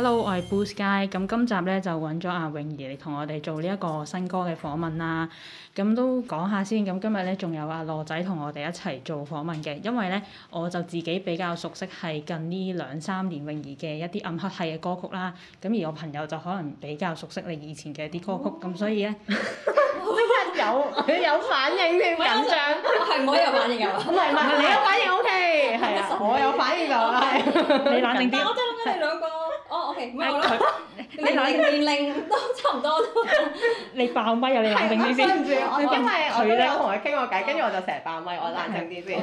Hello，我係 Boost Guy，咁今集咧，就搵咗阿泳兒嚟同我哋做呢一個新歌嘅訪問啦，咁都講下先，咁今日咧仲有阿羅仔同我哋一齊做訪問嘅，因為咧我就自己比較熟悉係近呢兩三年泳兒嘅一啲暗黑系嘅歌曲啦，咁而我朋友就可能比較熟悉你以前嘅一啲歌曲，咁所以咧，你有你有反應嘅印象，係我有反應有，唔係唔係你有反應 O K，係啊，我有反應就係，你冷靜啲，但係我真係諗緊你兩個。唔係佢，你年齡都差唔多。 你爆咪啊！你冷靜啲先。 因為佢咧我同佢傾過偈，跟住 我就成日爆咪，我冷靜啲先。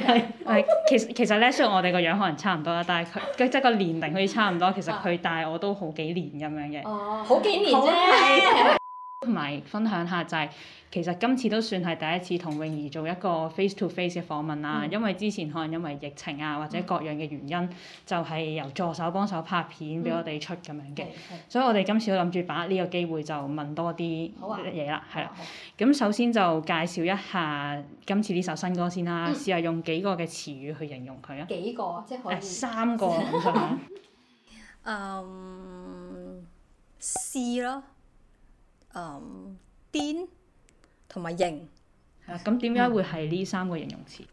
係，其實其實咧，雖然我哋個樣可能差唔多啦，但係佢即係個年齡好似差唔多，其實佢大我都好幾年咁樣嘅。哦， 好幾年啫。 同埋分享下、就是，就係其實今次都算係第一次同泳兒做一個 face to face 嘅訪問啦，嗯、因為之前可能因為疫情啊或者各樣嘅原因，嗯、就係由助手幫手拍片俾我哋出咁樣嘅，嗯嗯嗯、所以我哋今次都諗住把握呢個機會就問多啲嘢、啊、啦，係啦。咁、嗯、首先就介紹一下今次呢首新歌先啦，試下、嗯、用幾個嘅詞語去形容佢啊？幾個即係可以、啊？三個。 嗯，試咯。Um, 嗯，癲同埋型，係咁點解會係呢三個形容詞？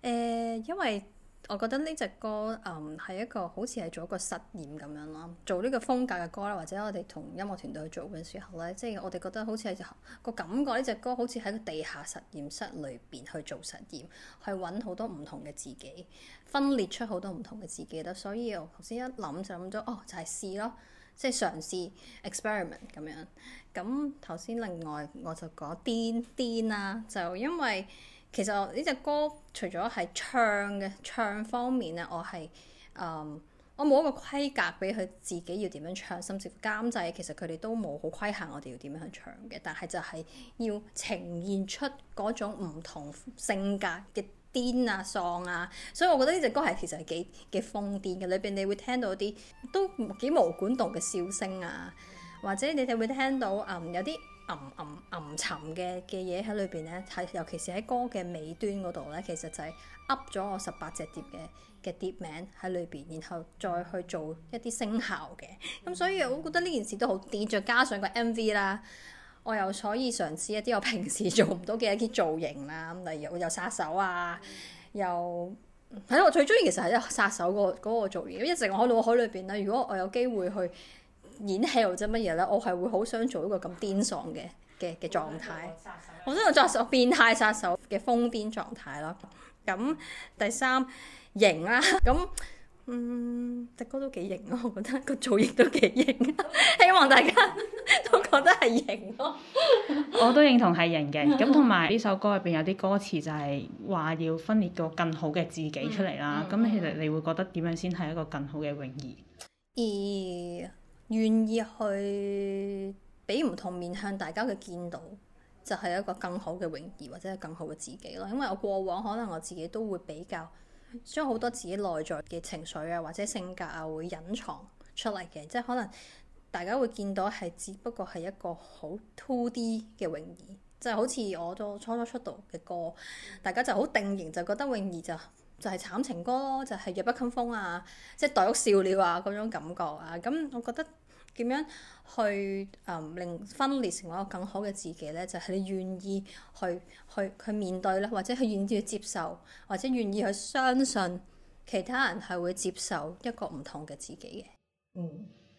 誒，因為我覺得呢隻歌嗯，係一個好似係做一個實驗咁樣咯，做呢個風格嘅歌咧，或者我哋同音樂團隊去做嘅時候咧，即係我哋覺得好似係個感覺呢隻歌好似喺個地下實驗室裏邊去做實驗，係揾好多唔同嘅自己，分裂出好多唔同嘅自己咯。所以我頭先一諗就諗咗，哦，就係試咯。即係嘗試 experiment 咁樣，咁頭先另外我就講癲，癲啦，就因為其實呢隻歌除咗係唱嘅唱方面咧，我係嗯我冇一個規格俾佢自己要點樣唱，甚至監製其實佢哋都冇好規限我哋要點樣去唱嘅，但係就係要呈現出嗰種唔同性格嘅。癲啊，喪啊，所以我覺得呢隻歌係其實係幾幾瘋癲嘅，裏邊你會聽到啲都幾毛管動嘅笑聲啊，或者你哋會聽到嗯有啲吟吟吟沉嘅嘅嘢喺裏邊咧，係尤其是喺歌嘅尾端嗰度咧，其實就係噏咗我十八隻碟嘅嘅碟名喺裏邊，然後再去做一啲聲效嘅，咁、嗯、所以我覺得呢件事都好癲，再加上個 MV 啦。我又所以嘗試一啲我平時做唔到嘅一啲造型啦，例如我又殺手啊，嗯、又係咯，我最鍾意其實係一個殺手個嗰個造型。一直我喺腦海裏邊啦，如果我有機會去演戲或者乜嘢咧，我係會好想做一個咁癲喪嘅嘅嘅狀態。殺手，我想做殺手變態殺手嘅瘋癲狀態啦。咁第三型啦、啊，咁。 嗯，迪、這、哥、個、都幾型咯，我覺得個造型都幾型，啊。希望大家都覺得係型咯。我都認同係型嘅，咁同埋呢首歌入邊有啲歌詞就係話要分裂個更好嘅自己出嚟啦。咁、嗯嗯、其實你會覺得點樣先係一個更好嘅泳兒？嗯嗯、而願意去俾唔同面向大家嘅見到，就係、是、一個更好嘅泳兒或者係更好嘅自己咯。因為我過往可能我自己都會比較。將好多自己內在嘅情緒啊，或者性格啊，會隱藏出嚟嘅，即係可能大家會見到係只不過係一個好 two D 嘅泳兒，即係好似我都初初出道嘅歌，大家就好定型，就覺得泳兒就是、就係、是、慘情歌咯，就係、是、弱不禁風啊，即係黛玉笑了啊嗰種感覺啊，咁、嗯、我覺得。點樣去誒、嗯、令分裂成為一個更好嘅自己咧？就係、是、你願意去去去，去面對啦，或者係願意去接受，或者願意去相信其他人係會接受一個唔同嘅自己嘅。嗯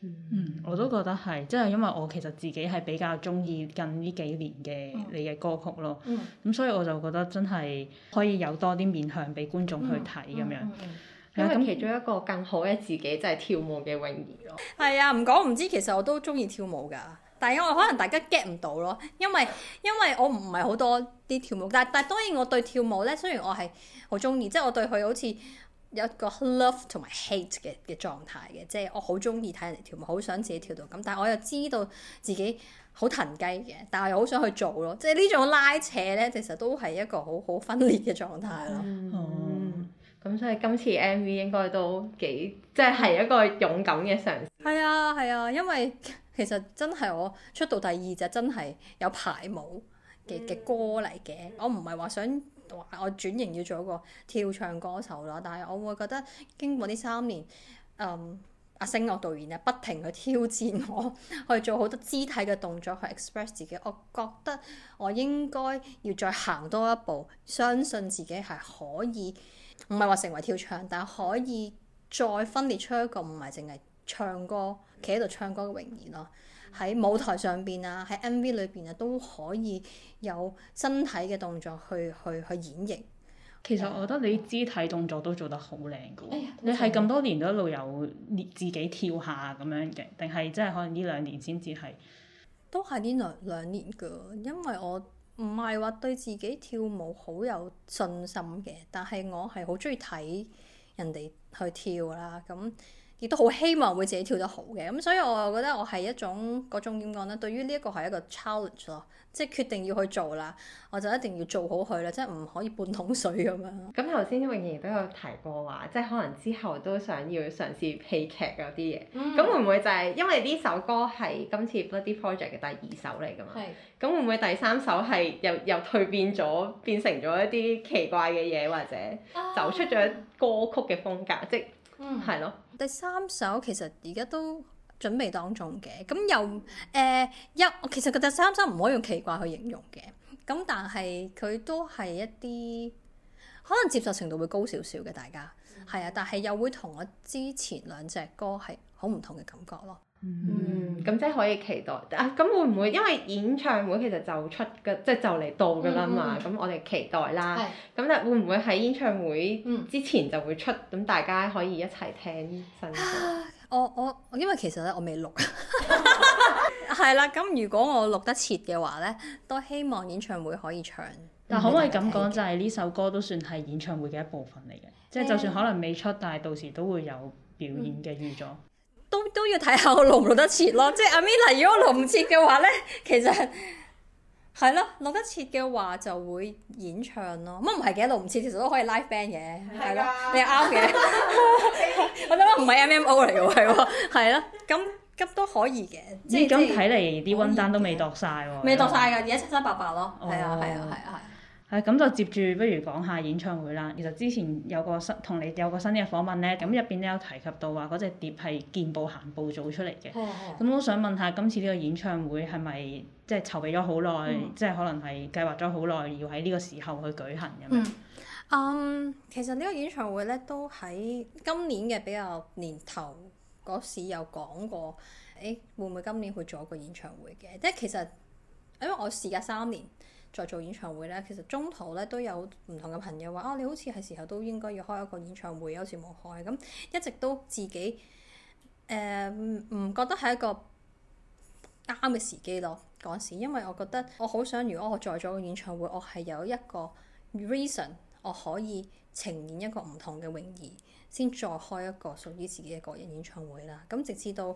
嗯，我都覺得係，即係因為我其實自己係比較中意近呢幾年嘅你嘅歌曲咯、嗯。嗯。咁所以我就覺得真係可以有多啲面向俾觀眾去睇咁樣。嗯嗯嗯嗯因為其中一個更好嘅自己，就係跳舞嘅泳兒咯。係啊，唔講唔知，其實我都中意跳舞噶。但係因為可能大家 get 唔到咯，因為因為我唔係好多啲跳舞，但但當然我對跳舞咧，雖然我係好中意，即係我對佢好似有一個 love 同埋 hate 嘅嘅狀態嘅，即係我好中意睇人哋跳舞，好想自己跳到咁，但我又知道自己好騰雞嘅，但係又好想去做咯。即係呢種拉扯咧，其實都係一個好好分裂嘅狀態咯。嗯嗯咁所以今次 MV 應該都幾即係一個勇敢嘅嘗試。係啊，係啊，因為其實真係我出道第二隻真係有排舞嘅嘅歌嚟嘅。我唔係話想話我轉型要做一個跳唱歌手啦，但係我會覺得經過呢三年，嗯。阿星樂導演咧，不停去挑戰我，去做好多肢體嘅動作去 express 自己。我覺得我應該要再行多一步，相信自己係可以，唔係話成為跳唱，但係可以再分裂出一個唔係淨係唱歌、企喺度唱歌嘅泳兒咯。喺舞台上邊啊，喺 MV 裏邊啊，都可以有身體嘅動作去去去演繹。其實我覺得你肢體動作都做得、哎、都好靚嘅，你係咁多年都一路有自己跳下咁樣嘅，定係即係可能呢兩年先至係？都係呢兩兩年嘅，因為我唔係話對自己跳舞好有信心嘅，但係我係好中意睇人哋去跳啦咁。亦都好希望會自己跳得好嘅，咁所以我又覺得我係一種嗰種點講咧，對於呢一個係一個 challenge 咯，即係決定要去做啦，我就一定要做好佢啦，即係唔可以半桶水咁樣。咁頭先因泳兒都有提過話，即係可能之後都想要嘗試戲劇嗰啲嘢，咁、嗯、會唔會就係、是、因為呢首歌係今次 Bloody Project 嘅第二首嚟噶嘛？咁是會唔會第三首係又又蛻變咗，變成咗一啲奇怪嘅嘢，或者走出咗歌曲嘅風格，啊嗯、即係係咯？第三首其實而家都準備當中嘅，咁又誒一、呃，其實個第三首唔可以用奇怪去形容嘅，咁但係佢都係一啲可能接受程度會高少少嘅，大家係啊，但係又會同我之前兩隻歌係好唔同嘅感覺咯。嗯，咁、mm hmm. 即係可以期待，啊咁、啊、會唔會因為演唱會其實就出嘅，即係就嚟、是、到嘅啦嘛？咁我哋期待啦。咁但會唔會喺演唱會之前就會出？咁、mm hmm. 大家可以一齊聽新歌。 我我因為其實咧我未錄，係 啦。 咁如果我錄得切嘅話咧，都希望演唱會可以唱。但可唔可以咁講、嗯？就係呢首歌都算係演唱會嘅一部分嚟嘅，嗯、即係就算可能未出，但係到時都會有表演嘅預咗。嗯。都都要睇下我錄唔錄得切咯，即係阿 Mina，如果我錄唔切嘅話咧，其實係咯，錄得切嘅話就會演唱咯。乜唔係嘅，錄唔切其實都可以 live band 嘅，係是吧 咯，你又啱嘅。 我諗唔係 M M O 嚟㗎喎，係喎，係咯，咁急都可以嘅。即咦？咁睇嚟啲 rundown 都未度晒喎，未度晒㗎，而家、啊、七七八八,八咯，係啊、哦，係啊，係啊，係、哦。係，咁就接住不如講下演唱會啦。其實之前有個新同你有個新嘅訪問咧，咁入邊都有提及到話嗰隻碟係見步行步做出嚟嘅。咁我想問下，今次呢個演唱會係咪即係籌備咗好耐，即係可能係計劃咗好耐要喺呢個時候去舉行嘅？嗯，其實呢個演唱會咧都喺今年嘅比較年頭嗰時有講過，誒、哎、會唔會今年會做一個演唱會嘅？即係其實因為我事隔三年。再做演唱會咧，其實中途咧都有唔同嘅朋友話：啊，你好似係時候都應該要開一個演唱會，有時冇開。咁一直都自己誒唔、呃、覺得係一個啱嘅時機咯。嗰時因為我覺得我好想，如果我再做個演唱會，我係有一個 reason 我可以呈現一個唔同嘅泳兒，先再開一個屬於自己嘅個人演唱會啦。咁直至到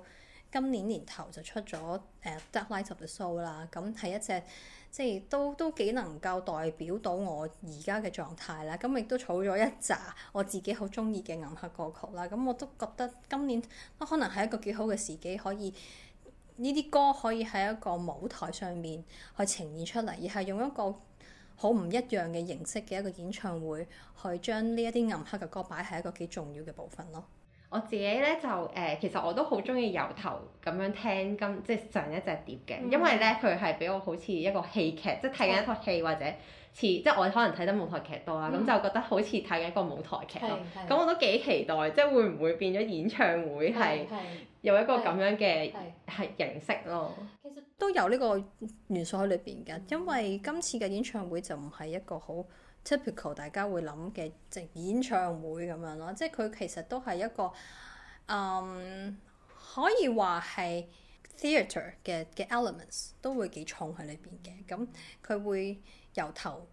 今年年頭就出咗誒、uh, Delight Up The Show 啦，咁係一隻。即係都都幾能夠代表到我而家嘅狀態啦。咁亦都儲咗一紮我自己好中意嘅暗黑歌曲啦。咁我都覺得今年都可能係一個幾好嘅時機，可以呢啲歌可以喺一個舞台上面去呈現出嚟，而係用一個好唔一樣嘅形式嘅一個演唱會去將呢一啲暗黑嘅歌擺喺一個幾重要嘅部分咯。我自己咧就誒，其實我都好中意由頭咁樣聽今即係上一隻碟嘅，因為咧佢係俾我好似一個戲劇，嗯、即係睇緊一套戲或者似即係我可能睇得舞台劇多啊，咁、嗯、就覺得好似睇緊一個舞台劇咯。咁我都幾期待，即係會唔會變咗演唱會係有一個咁樣嘅係形式咯？其實都有呢個元素喺裏邊嘅，因為今次嘅演唱會就唔係一個好。Typical 大家會諗嘅，即演唱會咁樣咯。即係佢其實都係一個，嗯，可以話係 theatre 嘅嘅 elements 都會幾重喺裏邊嘅。咁、嗯、佢會由頭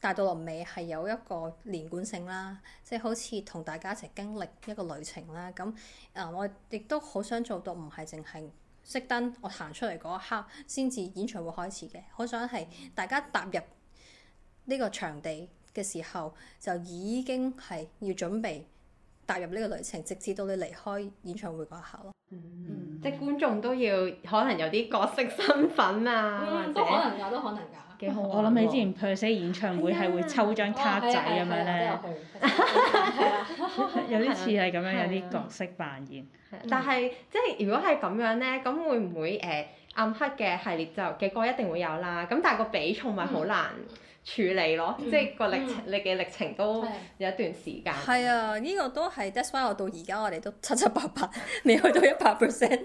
帶到落尾係有一個連貫性啦。即係好似同大家一齊經歷一個旅程啦。咁，誒，我亦都好想做到唔係淨係熄燈，我行出嚟嗰一刻先至演唱會開始嘅。好想係大家踏入呢個場地嘅時候，就已經係要準備踏入呢個旅程，直至到你離開演唱會嗰一刻咯。嗯嗯、即係觀眾都要可能有啲角色身份啊，或者都可能㗎，都可能㗎。幾好，嗯、我諗起之前 p e、嗯、演唱會係會抽張卡仔咁樣咧。有啲似係咁樣， 有啲角色扮演。 但係即係如果係咁樣咧，咁會唔會誒、呃、暗黑嘅系列就嘅歌一定會有啦。咁但係個比重咪好難。 處理咯，嗯、即係個歷程你嘅、嗯、歷程都有一段時間、嗯。係啊，呢、呢個都係。That's why 我到而家我哋都七七八八未去 到一百 percent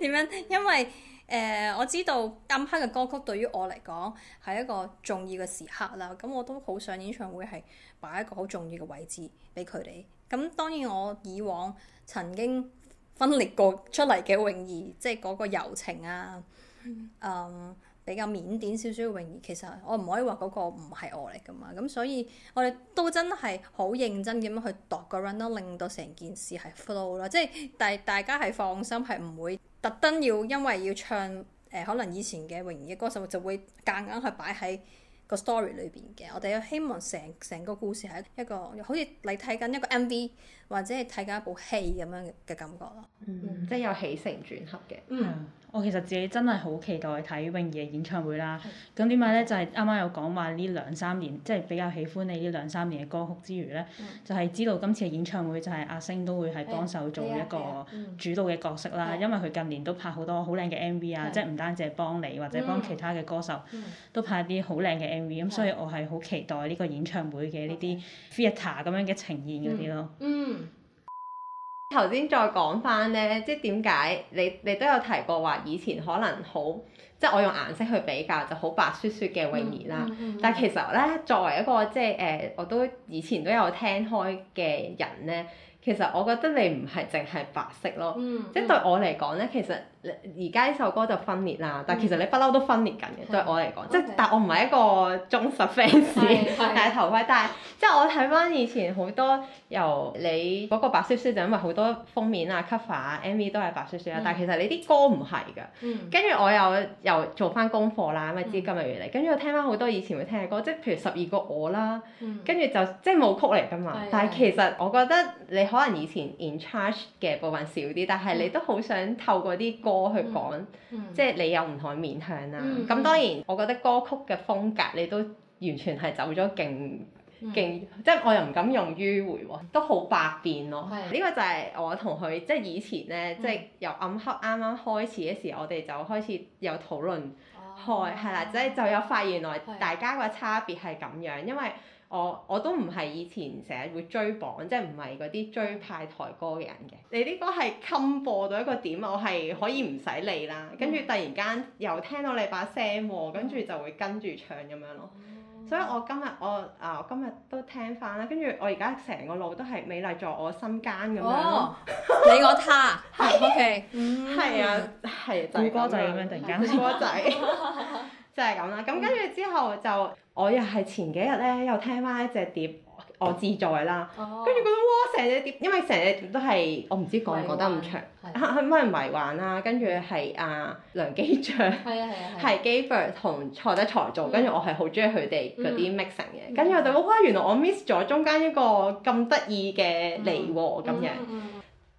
點樣， 因為誒、呃、我知道暗黑嘅歌曲對於我嚟講係一個重要嘅時刻啦。咁我都好想演唱會係擺一個好重要嘅位置俾佢哋。咁當然我以往曾經分裂過出嚟嘅泳兒，即係嗰個柔情啊，誒、嗯。嗯比較腼腆少少嘅泳兒，其實我唔可以話嗰個唔係我嚟噶嘛，咁所以我哋都真係好認真咁樣去度個 running，令到成件事係 flow 咯，即係大大家係放心，係唔會特登要因為要唱誒、呃、可能以前嘅泳兒嘅歌手，就會夾硬去擺喺個 story 裏邊嘅。我哋希望成成個故事係一個好似你睇緊一個 MV 或者係睇緊一部戲咁樣嘅感覺咯，嗯嗯、即係有起承轉合嘅。嗯嗯。我其實自己真係好期待睇泳兒嘅演唱會啦。咁點解咧？就係啱啱有講話呢兩三年，即係比較喜歡你呢兩三年嘅歌曲之餘咧，的就係知道今次嘅演唱會就係阿星都會係幫手做一個主導嘅角色啦。因為佢近年都拍好多好靚嘅 MV 啊，即係唔單止係幫你或者幫其他嘅歌手都拍啲好靚嘅 MV。咁所以我係好期待呢個演唱會嘅呢啲 fita 咁樣嘅呈現嗰啲咯。嗯。頭先再講返咧，即係點解你你都有提過話以前可能好，即、就是、我用顏色去比較就好白雪雪嘅泳兒啦。Mm hmm. 但其實咧，作為一個即誒、呃，我都以前都有聽開嘅人咧，其實我覺得你唔係淨係白色咯，mm hmm. 即係對我嚟講咧，其實。而家呢首歌就分裂啦，但其實你不嬲都分裂緊嘅。嗯、對我嚟講，即係 Okay. 但我唔係一個忠實 fans，戴頭盔。 是但係即係我睇翻，以前好多由你嗰個白雪雪就因為好多封面啊 cover 啊 MV 都係白雪雪啊。嗯、但其實你啲歌唔係㗎。跟住我又又做翻功課啦，咁啊知今日原嚟，跟住我聽翻好多以前會聽嘅歌，即係譬如十二個我啦。嗯、跟住就即係舞曲嚟㗎嘛。嗯、但係其實我覺得你可能以前 in charge 嘅部分少啲，但係你都好想透過啲歌。歌去講，即係你有唔同嘅面向啦。咁當然，我覺得歌曲嘅風格你都完全係走咗勁勁，即係我又唔敢用迂迴喎，都好百變咯。呢個就係我同佢即係以前呢，即係由暗黑啱啱開始嘅時，我哋就開始有討論開，係啦，即係就有發現原來大家個差別係咁樣，因為。我我都唔係以前成日會追榜，即係唔係嗰啲追派台歌嘅人嘅。你啲歌係禁播到一個點，我係可以唔使理啦。跟住突然間又聽到你把聲喎，跟住、嗯、就會跟住唱咁樣咯。嗯、所以我今日我啊，我今日都聽翻啦。跟住我而家成個腦都係美麗在我心間咁樣。哦、你個他，OK，係啊，係故、嗯啊、歌仔咁樣，突然間。故歌仔。 就係咁啦，咁跟住之後就，我又係前幾日咧又聽翻一隻碟《我自在》啦、哦，跟住覺得，哇成隻碟，因為成隻碟都係我唔知講唔講得咁長，咁樣迷幻啦，跟住係阿梁基爵，係 Gaybird 同蔡德才做，跟住、嗯、我係好中意佢哋嗰啲 mixing 嘅，跟住、嗯、我就哇原來我 miss 咗中間一個咁得意嘅你喎，咁樣、嗯。嗯嗯嗯。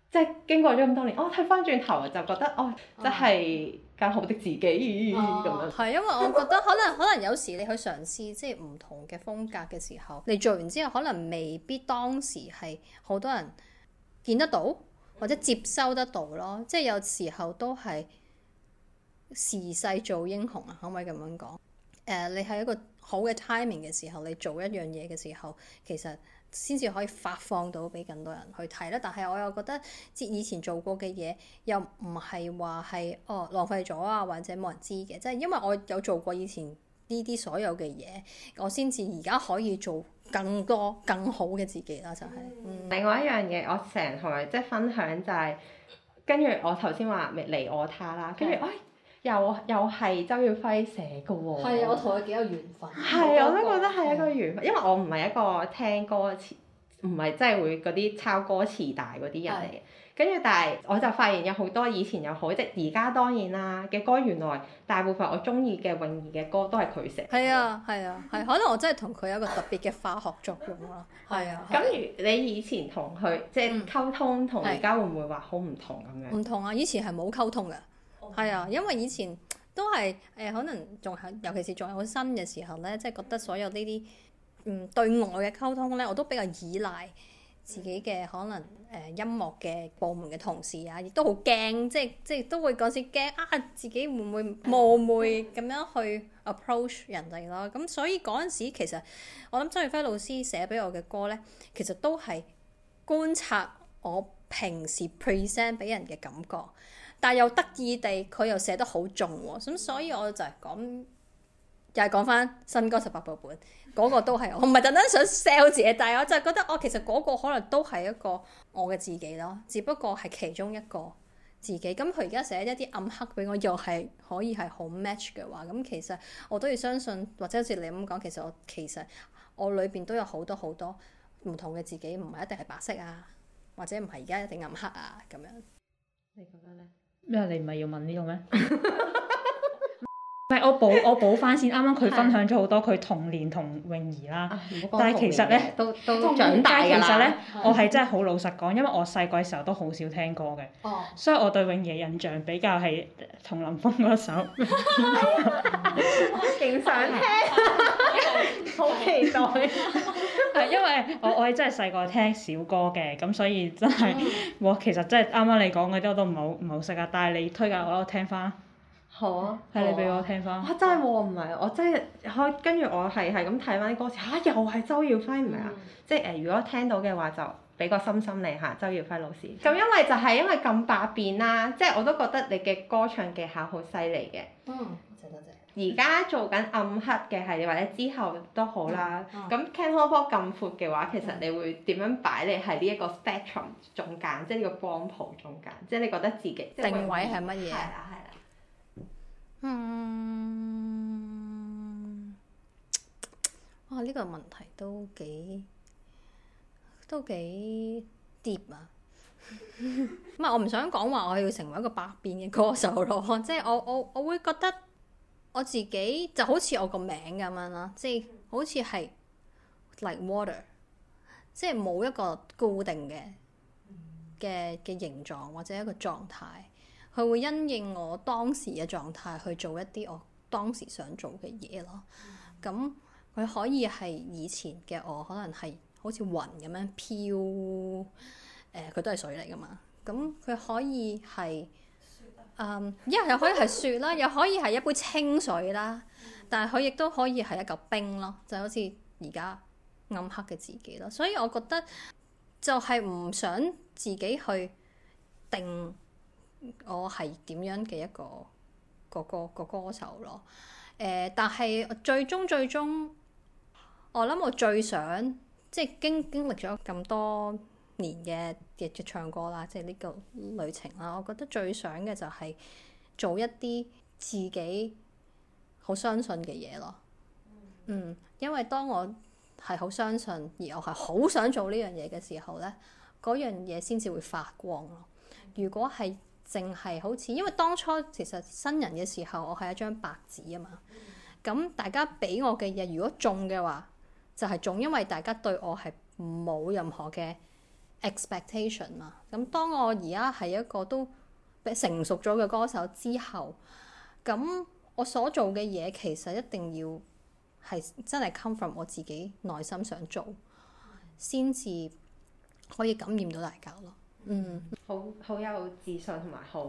即係經過咗咁多年，哦睇返轉頭就覺得哦，即係更好的自己咁、啊、樣。係因為我覺得可能可能有時你去嘗試即係唔同嘅風格嘅時候，你做完之後可能未必當時係好多人見得到或者接收得到咯。即係有時候都係時勢造英雄啊，可唔可以咁樣講？誒、uh，你係一個好嘅 timing 嘅時候，你做一樣嘢嘅時候，其實。先至可以發放到俾更多人去睇啦。但係我又覺得即以前做過嘅嘢又唔係話係哦浪費咗啊，或者冇人知嘅，即係因為我有做過以前呢啲所有嘅嘢，我先至而家可以做更多更好嘅自己啦，就係。嗯，嗯，另外一樣嘢，我成日同埋即係分享就係，跟住我頭先話未離我他啦，跟住，嗯又又係周耀輝寫嘅喎。哦，係啊！我同佢幾有緣分，係啊，我都覺得係一個緣分，因為我唔係一個聽歌詞，唔係真係會嗰啲抄歌詞大嗰啲人嚟嘅。跟住的但係我就發現有好多以前有好，即而家當然啦嘅歌，原來大部分我中意嘅泳兒嘅歌都係佢寫，係啊係啊，係可能我真係同佢有一個特別嘅化學作用咯，係啊。咁如你以前同佢即係溝通，嗯，會會同而家會唔會話好唔同咁樣？唔同啊！以前係冇溝通嘅。係啊，因為以前都係誒、呃、可能仲係尤其是仲有好新嘅時候咧，即係覺得所有、嗯、呢啲嗯對外嘅溝通咧，我都比較依賴自己嘅可能誒、呃、音樂嘅部門嘅同事啊，亦都好驚，即係即係都會嗰陣時驚啊，自己會唔會冒昧咁樣去 approach 人哋咯？咁所以陣時其實我諗周耀輝老師寫俾我嘅歌咧，其實都係觀察我平時 present 俾人嘅感覺。但又得意地，佢又寫得好重喎、哦，咁所以我就係講，又係講翻《新歌十八部本》那，嗰個都係我唔係特登想 sell 自己，但係我就覺得我、哦、其實嗰個可能都係一個我嘅自己咯，只不過係其中一個自己。咁佢而家寫一啲暗黑俾我，又係可以係好 match 嘅話，咁其實我都要相信，或者好似你咁講，其實我其實我裏邊都有好多好多唔同嘅自己，唔係一定係白色啊，或者唔係而家一定暗黑啊咁樣。你覺得呢？咩？你唔係要問呢個咩？唔係 我補我補翻先。啱啱佢分享咗好多佢童年同泳兒啦，的但係其實咧都都長大，都長大其實咧，的我係真係好老實講，因為我細個嘅時候都好少聽歌嘅，oh。所以我對泳兒嘅印象比較係同林峰嗰首，勁想聽。 期待啊！係 因為我我係真係細個聽小歌嘅，咁所以真係我 其實真係啱啱你講嗰啲我都唔好唔好識啊，但係你推介我咧，我聽翻。好啊。係你俾我聽翻。我真係喎，唔係我真係開跟住我係係咁睇翻啲歌詞嚇、啊，又係周耀輝唔係啊？嗯、即係誒、呃，如果聽到嘅話就俾個心心你嚇，周耀輝老師。咁、嗯、因為就係因為咁百變啦、啊，即係我都覺得你嘅歌唱技巧好犀利嘅。嗯，多謝多謝。而家做緊暗黑嘅系列，或者之後都好啦。咁 Cantopop 咁闊嘅話，其實你會點樣擺你係呢一個 spectrum 中間，即係呢個光譜中間，即係你覺得自己定位係乜嘢？係啦，係啦。嗯，哇！呢個問題都幾都幾 deep 啊。唔係，我唔想講話我要成為一個百變嘅歌手咯。即係我我我會覺得。我自己就好似我個名咁樣啦，即係好似係 like water，即係冇一個固定嘅嘅嘅形狀或者一個狀態，佢會因應我當時嘅狀態去做一啲我當時想做嘅嘢咯。咁佢、mm hmm. 可以係以前嘅我，可能係好似雲咁樣飄，誒、呃、佢都係水嚟㗎嘛。咁佢可以係。誒，一、um, yeah, 又可以係雪啦，又可以係一杯清水啦，嗯、但係佢亦都可以係一嚿冰咯，就好似而家暗黑嘅自己咯。所以我覺得就係唔想自己去定我係點樣嘅一個嗰個歌手咯。呃、但係最終最終，我諗我最想即係、就係、經經歷咗咁多年嘅嘅唱歌啦，即係呢個旅程啦。我覺得最想嘅就係做一啲自己好相信嘅嘢咯。嗯，因為當我係好相信而我係好想做呢樣嘢嘅時候呢，嗰樣嘢先至會發光咯。如果係淨係好似，因為當初其實新人嘅時候，我係一張白紙啊嘛。咁大家俾我嘅嘢，如果中嘅話就係中，因為大家對我係冇任何嘅。Expectation 嘛，咁當我而家係一個都成熟咗嘅歌手之後，咁我所做嘅嘢其實一定要係真係 come from 我自己內心想做，先至可以感染到大家咯。嗯，好好有自信同埋好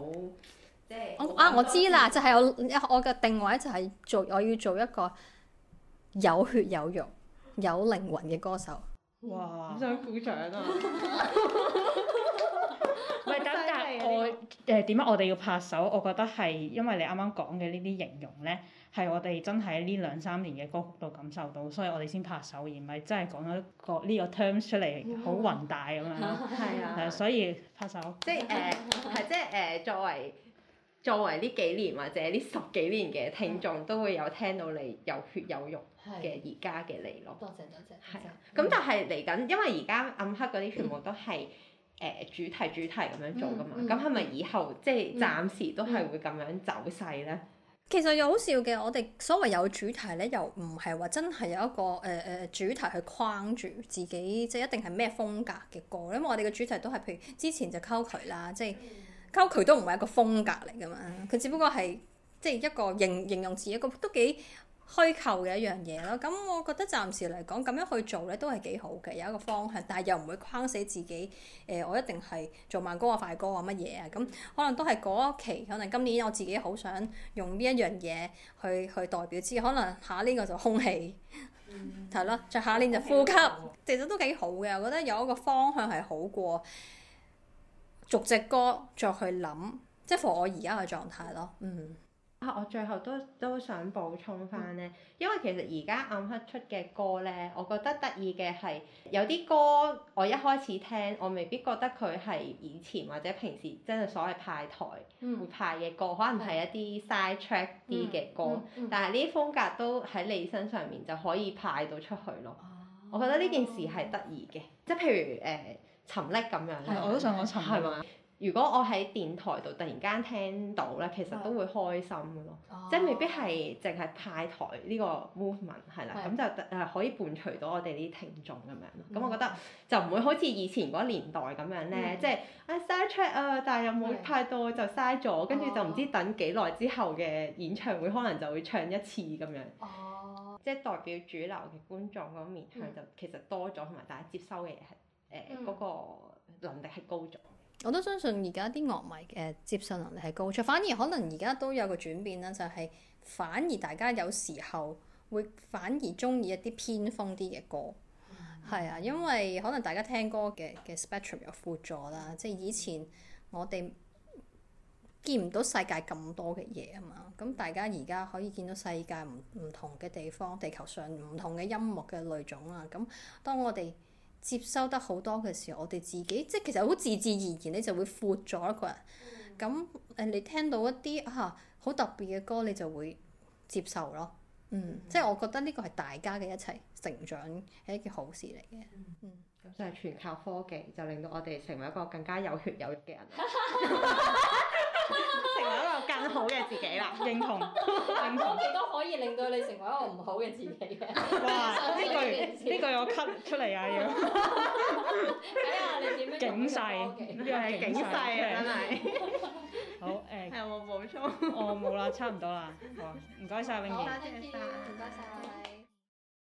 即係、就係、我，我啊！我知啦，就係、係、我我嘅定位就係做我要做一個有血有肉有靈魂嘅歌手。哇！好想鼓掌啊！唔係， 但但係、啊、我誒點解我哋要拍手？我覺得係因為你啱啱講嘅呢啲形容咧，係我哋真係喺呢兩三年嘅歌曲度感受到，所以我哋先拍手，而唔係真係講咗個呢個 terms 出嚟好宏大咁樣。係啊哇， 所以拍手。 即係誒，係、呃、即係誒、呃，作為。作為呢幾年或者呢十幾年嘅聽眾，的都會有聽到你有血有肉嘅而家嘅你咯。多謝多謝。係啊，咁但係嚟緊，因為而家暗黑嗰啲全部都係誒、嗯呃、主題主題咁樣做噶嘛，咁係咪以後即係暫時都係會咁樣走勢咧？嗯嗯嗯，其實又好笑嘅，我哋所謂有主題咧，又唔係話真係有一個誒誒、呃、主題去框住自己，即係一定係咩風格嘅歌，因為我哋嘅主題都係譬如之前就溝渠啦，即、就、係、是。溝渠都唔係一個風格嚟噶嘛，佢只不過係即係一個形形容詞，一個都幾虛構嘅一樣嘢咯。咁我覺得暫時嚟講咁樣去做咧都係幾好嘅，有一個方向，但係又唔會框死自己。誒、呃，我一定係做慢歌啊、快歌啊乜嘢啊咁，可能都係嗰一期。可能今年我自己好想用呢一樣嘢去去代表自己，可能下呢個就空氣，係咯、嗯， 再下年就呼吸，其實都幾好嘅。我覺得有一個方向係好過。逐隻歌再去諗，即係 for 我而家嘅狀態咯。嗯，我最後都都想補充翻咧，嗯、因為其實而家暗黑出嘅歌咧，我覺得得意嘅係有啲歌我一開始聽，我未必覺得佢係以前或者平時真係所謂派台會、嗯、派嘅歌，可能係一啲 side track 啲嘅歌。嗯嗯嗯、但係呢啲風格都喺你身上面就可以派到出去咯。啊、我覺得呢件事係得意嘅，即係譬如誒。呃沉溺咁樣咧，係我都想講沉溺。係嘛吧？如果我喺電台度突然間聽到咧，其實都會開心嘅咯，的即係未必係淨係派台呢、這個 movement 係啦，咁的就誒可以伴隨到我哋啲聽眾咁樣咯。咁、嗯、我覺得就唔會好似以前嗰年代咁樣咧，嗯、即係啊 search 啊，但係又冇派到的就嘥咗，跟住就唔知等幾耐之後嘅演唱會可能就會唱一次咁樣。哦、嗯，即係代表主流嘅觀眾嗰面，向、嗯，就其實多咗同埋大家接收嘅嘢係。誒嗰、嗯、個能力係高咗，我都相信而家啲樂迷嘅、呃、接受能力係高咗。反而可能而家都有個轉變啦，就係、是、反而大家有時候會反而中意一啲偏鋒啲嘅歌，係、嗯、啊，因為可能大家聽歌嘅嘅 Spectrum 又闊咗啦，即係以前我哋見唔到世界咁多嘅嘢啊嘛，咁大家而家可以見到世界唔唔同嘅地方，地球上唔同嘅音樂嘅類種啊，咁當我哋。接收得好多嘅時候，我哋自己即係其實好自自然然，你就會闊咗一個人。咁誒、嗯，你聽到一啲啊好特別嘅歌，你就會接受咯。嗯，嗯即係我覺得呢個係大家嘅一齊成長，係一件好事嚟嘅。嗯，咁就係全靠科技就令到我哋成為一個更加有血有肉嘅人。 成為一個更好嘅自己啦，認同。亦都可以令到你成為一個唔好嘅自己嘅。哇！呢句呢句我 cut 出嚟啊要。睇下你點樣做？警世，呢個係警世。啊！真係。好誒。係，有冇補充？我冇啦，差唔多啦。好，唔該晒泳兒。多謝曬，唔該曬。